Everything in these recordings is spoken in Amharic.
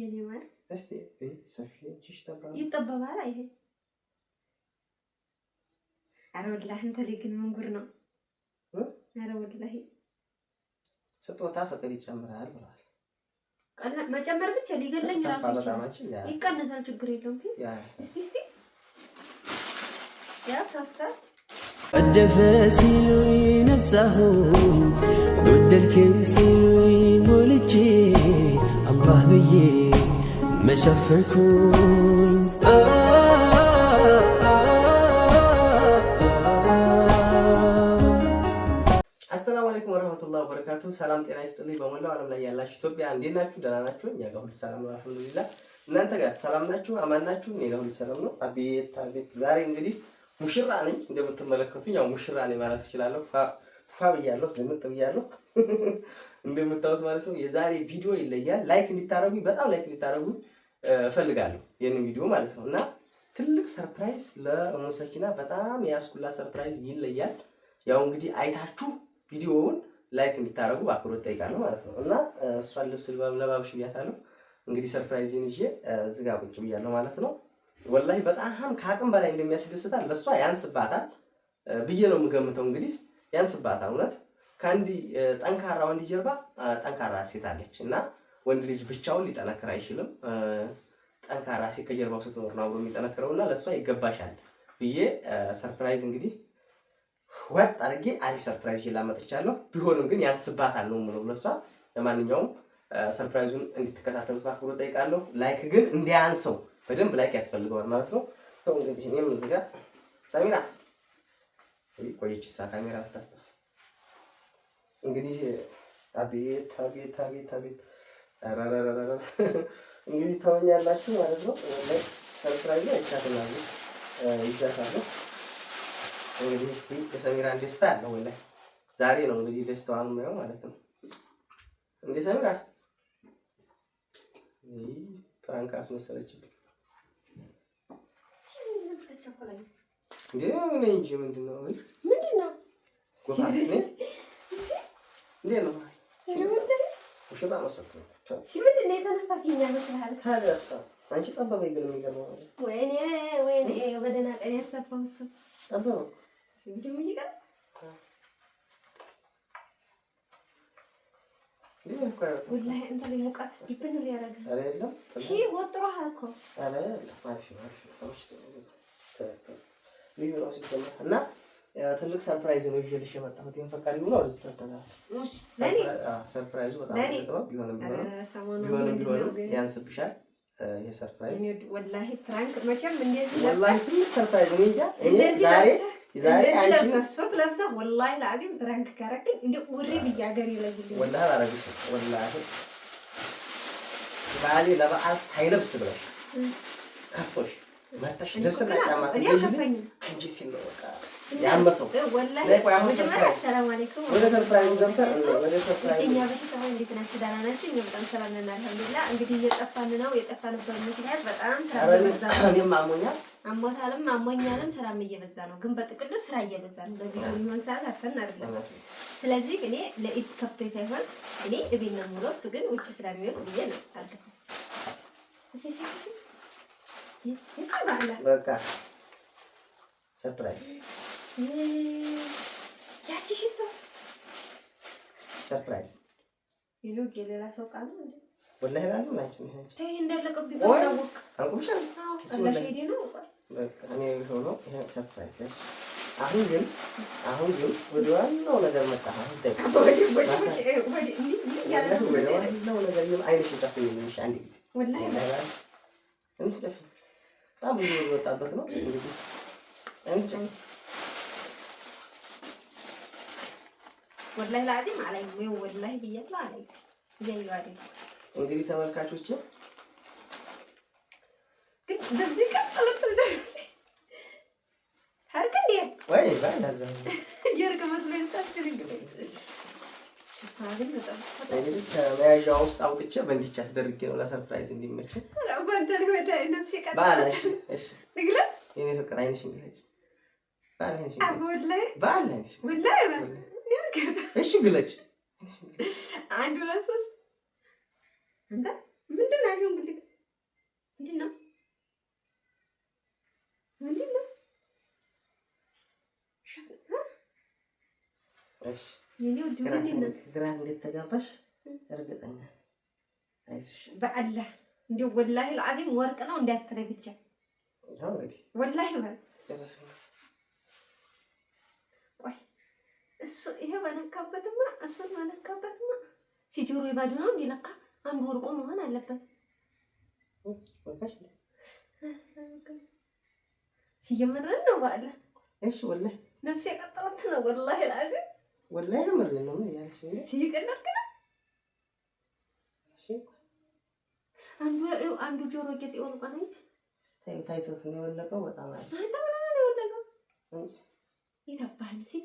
የኔ ማር እስቲ ሰፊ እጅሽ ይጠበባል። ይሄ አረ ወላሂ እንተ ላይ ግን ምን ነው? አረ ወላሂ ስጦታ ፍቅር ይጨምራል ብለዋል። መጨመር ብቻ ሊገለኝ ራሱ ይችላል። ይቀነሳል፣ ችግር የለውም። እስቲ እስቲ ያ ሳፍታ እደፈ ሲሉ ነጻሁ ወደድከኝ ሲሉ ሞልቼ ጠፋህ ብዬ መሸፈንኩኝ አሰላሙ አለይኩም ወረህመቱላሂ ወበረካቱ ሰላም ጤና ይስጥልኝ በሞላው አለም ላይ ያላችሁ ኢትዮጵያ እንዴት ናችሁ ደህና ናችሁ እኛ ጋር ሁሉ ሰላም ነው እናንተ ጋር ሰላም ናችሁ አማን ናችሁ እኔ ጋር ሁሉ ሰላም ነው አቤት አቤት ዛሬ እንግዲህ ሙሽራ ነኝ እንደምትመለከቱኝ ያው ሙሽራ ነኝ ማለት እችላለሁ ፋ ብያለሁ ዝምጥ ብያለሁ እንደምታዩት ማለት ነው። የዛሬ ቪዲዮ ይለያል። ላይክ እንዲታረጉኝ በጣም ላይክ እንዲታረጉኝ እፈልጋለሁ ይህንን ቪዲዮ ማለት ነው እና ትልቅ ሰርፕራይዝ ለሙሰኪና በጣም የያስኩላ ሰርፕራይዝ ይለያል። ያው እንግዲህ አይታችሁ ቪዲዮውን ላይክ እንዲታረጉ አክብሮት ጠይቃለሁ ማለት ነው እና እሷን ልብስ ለባብሽ ብያታለሁ። እንግዲህ ሰርፕራይዝን ይዤ ዝጋ ቁጭ ብያለሁ ማለት ነው። ወላሂ በጣም ከአቅም በላይ እንደሚያስደስታል። ለእሷ ያንስባታል ብዬ ነው የምገምተው። እንግዲህ ያንስባታል እውነት ከአንድ ጠንካራ ወንድ ጀርባ ጠንካራ ሴት አለች እና ወንድ ልጅ ብቻውን ሊጠነክር አይችልም። ጠንካራ ሴት ከጀርባው ስትኖር ነው አብሮ የሚጠነክረው እና ለእሷ ይገባሻል ብዬ ሰርፕራይዝ እንግዲህ ወጥ አድርጌ አሪፍ ሰርፕራይዝ መጥቻለሁ። ቢሆንም ግን ያንስባታል ነው ምነው ለእሷ። ለማንኛውም ሰርፕራይዙን እንድትከታተሉት ባክብሮ ጠይቃለሁ። ላይክ ግን እንዲያንሰው በደንብ ላይክ ያስፈልገዋል ማለት ነው። እንግዲህ እኔም እዚህ ጋር ሰሚራ ቆየችሳ ካሜራ ታስጠፋ እንግዲህ አቤት አቤት አቤት አቤት አራራራራ እንግዲህ ተወኛላችሁ ማለት ነው። ሰብስክራይብ አይቻትላሉ ይጃታለሁ። እንግዲህ እስቲ የሰሚራን ደስታ አለ ላይ ዛሬ ነው እንግዲህ ደስታዋን ነው ማለት ነው። እንዴ ሰሚራ ፕራንክ አስመሰለችብኝ። እንዴ ምን እንጂ ምንድነው ምንድነው እንዴት ነው? ውሸባ መሰለኝ። ሲምል እንደ የተነፋፊኛ መስልሃል። ታዲያሳ አንቺ ጠበበኝ። ቀን ያሰፋው እሱ ጠበበው። ወላሂ እንትን ላይ ሙቀት ወጥሮሃል እኮ እና ትልቅ ሰርፕራይዝ ነው ይዤልሽ የመጣሁት። ይሄን ፈቃድ ቢሆን አውርዝ ተተና ሰርፕራይዙ በጣም ቢሆንም ቢሆንም ቢሆንም ያንስብሻል። ይሄ ሰርፕራይዝ ወላሂ መቼም እንደዚህ ወላሂ ትልቅ ሰርፕራይዝ ነው ዛሬ ወላሂ ለአዚም እንደ ውሪ ብያገር ወላሂ ለበዓል ሳይለብስ ብለሽ ከፍቶሽ በቃ ያመሰው ወደ ሰርፕራይዝ ገብተን ወደ ሰርፕራይዝ እኛ ሰላም አሞታልም፣ አሞኛልም ስራም እየበዛ ነው። ግን በጥቅሉ ስራ እየበዛ ነው። ለዚህ የሚሆን ሰዓት አፈን አይደለም። ስለዚህ እኔ ለኢድ ከፍቶ ሳይሆን እኔ እቤት ነው የምውለው፣ እሱ ግን ውጭ ስለሚሆን ብዬ ነው አልገፋም። በቃ ሰርፕራይዝ ያቺ ሽቶ ሰርፕራይዝ ይሉ የሌላ ሰው ቃል ነው። ወላሂ ላዝም ናችን ይሄ እንዳለቀብኝ ሰርፕራይዝ አሁን ግን አሁን ግን ወደ ዋናው ነገር መጣ። በጣም ወጣበት ነው እንግዲህ ወላሂ ላዚም አላየሁም። ወይ ወላሂ ብያለሁ አላየሁም። እያየሁ አይደለም እንግዲህ ተመልካቾች ግን ውስጥ አውጥቼ በእንዲች አስደርጌ ነው ለሰርፕራይዝ እንዲመች ፍቅር አይነሽ እሺ ግለጭ። አንድ ሁለት ሶስት አንተ ምንድን ነው ያለው? እንግዲህ ምንድን ነው ምንድን ነው? እሺ ግራ እንደተጋባሽ እርግጠኛ አይዞሽ። በአላህ እንደው ወላሂ አልዓዚም ወርቅ ነው እንዳትለኝ ብቻ ወላሂ እሱ ይሄ በነካበትማ እሱን በነካበትማ ሲጆሮ ባዶ ነው እንዲነካ አንዱ ወርቆ መሆን አለበት። ሲጀመረን ነው ባለ እሺ ወላሂ ነፍሴ የቀጠረት ነው ወላሂ ላዚ ወላሂ ምር ነው ያልሽ ሲቀነርክ ነው አንዱ አንዱ ጆሮ ጌጥ የወርቆ ነው ታይቶት ነው የወለቀው። በጣም አለ አንተ ነው የወለቀው ይተባል ሲል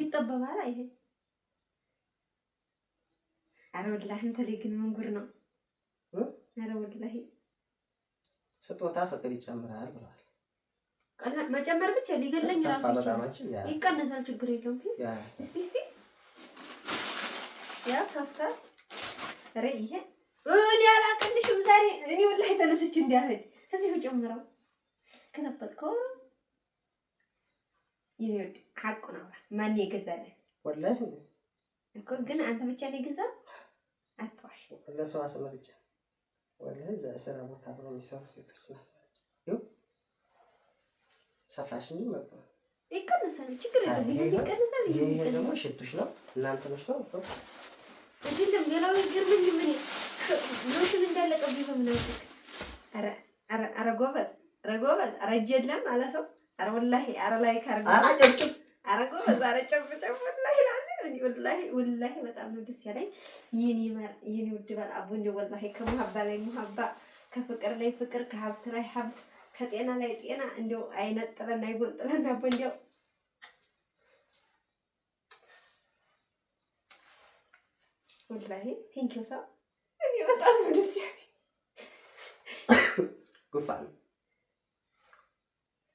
ይጠበባል። ይሄ ኧረ ወላሂ እንተ ላይ ግን ምንጉር ነው? ኧረ ወላሂ ስጦታ ፍቅር ይጨምራል ብለዋል። መጨመር ብቻ ሊገለኝ ራሱ ይቀነሳል። ችግር የለውም። እስቲ እስቲ ያ ሳፍታል ኧረ ይሄ እኔ አላቅልሽም ዛሬ እኔ ወላሂ ተነስቼ እንዳልሄድ እዚሁ ጨምረው ከነበጥከው ይኸውልህ ሐቁን አውራ። ማን የገዛልን? ወላሂ እኮ ግን አንተ ብቻ ነው የገዛው። አትዋሽ። ለሰው አስመልጬ ወላሂ እዛ ስራ ቦታ አብረው የሚሰሩ ሴቶች ናቸው። ሰፋሽ እንጂ መጣ ይቀነሳል። ችግር የለም። ይሄ ይሄ ደግሞ ሽቱሽ ነው። እናንተ ነሽ ነው እዚህ ደም ገላው ይገርምኝ። ምን ሎሽን እንዳለቀብኝ በምን አውቅ? አረ አረ አረ ጎበዝ ረጎበዝ ጎበዝ፣ ኧረ እጅ የለም ማለት ነው። ኧረ ወላሂ፣ ኧረ ላይክ አድርገው፣ ኧረ ጎበዝ፣ ኧረ ጨብጨብ። ወላሂ ወላሂ ወላሂ፣ በጣም ነው ደስ ያለኝ። ይህን ውድ በጣም እንደው ወላሂ ከሙሀባ ላይ ሙሀባ፣ ከፍቅር ላይ ፍቅር፣ ከሀብት ላይ ሀብት፣ ከጤና ላይ ጤና፣ እንደው አይነጥለን አይጎንጥለን አቦ እንደው ወላሂ ቴንኪው ሰው እኔ በጣም ነው ደስ ያለኝ ጉፋን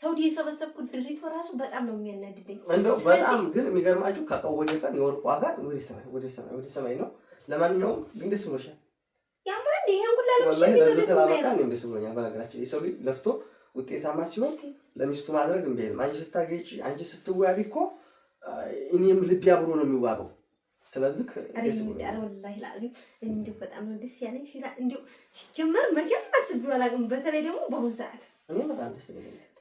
ሰው የሰበሰብኩት ድሪቶ ራሱ በጣም ነው የሚያናድደኝ። እንደው በጣም ግን የሚገርማችሁ ከቀን ወደ ቀን የወርቅ ዋጋ ወደ ሰማይ ነው። ለማንኛውም ግን ደስ ብሎሻል። ያምራል። ይሄን ሁላ ደስ ብሎኛል። በነገራችን የሰው ልጅ ለፍቶ ውጤታማ ሲሆን ለሚስቱ ማድረግ እምቢ አይልም። አንቺ ስታገጪ፣ አንቺ ስትዋቢ እኮ እኔም ልቤ አብሮ ነው የሚዋበው። ስለዚህ እንዲሁ በጣም ነው ደስ ያለኝ። ሲጀመር መቼም አስቤው አላውቅም። በተለይ ደግሞ በአሁኑ ሰዓት እኔ በጣም ደስ ይለኛል።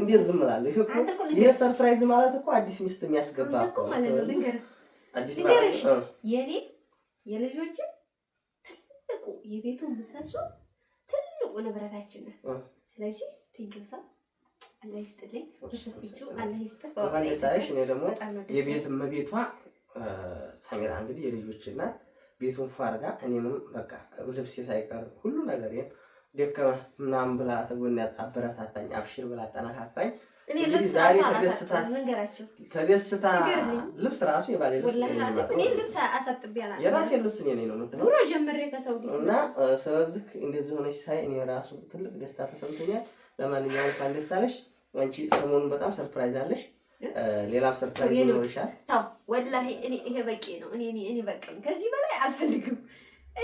እንዴት ዝም እላለሁ? ይሄ ሰርፕራይዝ ማለት እኮ አዲስ ሚስት የሚያስገባ የኔ የልጆችን ትልቁ የቤቱ ምሰሶ ትልቁ ንብረታችን ነው። ስለዚህ አላህ ይስጥልኝ፣ አላህ እኔ ደግሞ የቤት እመቤቷ ሰሜራ እንግዲህ የልጆች እናት ቤቱን ፏርጋ እኔንም በቃ ልብሴ ሳይቀር ሁሉ ነገር ደከመ ምናምን ብላ ተጎን አበረታታኝ፣ አብሽር ብላ አጠነካካኝ። ዛሬ ተደስታ ልብስ ራሱ የባሌ ልብስ የራሴን ልብስ እኔ ነው እና ስለዚህ እንደዚህ ሆነች ሳይ እኔ ራሱ ትልቅ ደስታ ተሰምቶኛል። ለማንኛውም እንኳን ደስ አለሽ አንቺ። ሰሞኑን በጣም ሰርፕራይዝ አለሽ። ሌላም ሰርፕራይዝ ይኖርሻል። ወላሂ እኔ ይሄ በቂ ነው። እኔ እኔ በቃኝ፣ ከዚህ በላይ አልፈልግም።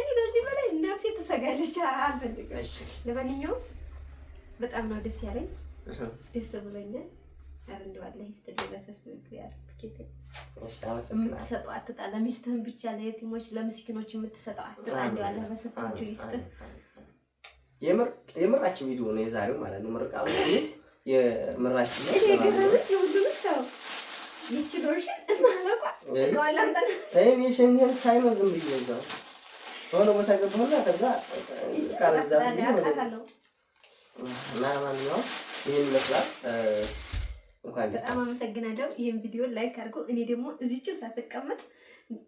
እኔ ከዚህ በላይ ነፍሴ ትሰጋለች፣ አልፈልግም። ለማንኛውም በጣም ነው ደስ ያለኝ፣ ደስ ብሎኛል። አረንደዋለህ ይስጥልኝ፣ አትጣ፣ ለሚስትህም ብቻ ለየቲሞች ለምስኪኖች የምትሰጠው አትጣ። ቪዲዮ ነው የዛሬው ማለት ነው። ምርቃ የምራችን ይችሎሽን እናለቋ ሳይመዝም ብዬ እዛው በሆነ ቦታ ገባሁና ከዛ ይህን ይመስላል። በጣም አመሰግናለሁ። ይህን ቪዲዮ ላይክ አድርጎ እኔ ደግሞ እዚችው ሳትቀመጥ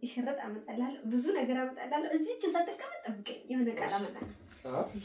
ይሸረጥ አመጣላለሁ፣ ብዙ ነገር አመጣላለሁ። እዚችው ሳትቀመጥ ጠብቀኝ፣ የሆነ ቃል አመጣለሁ።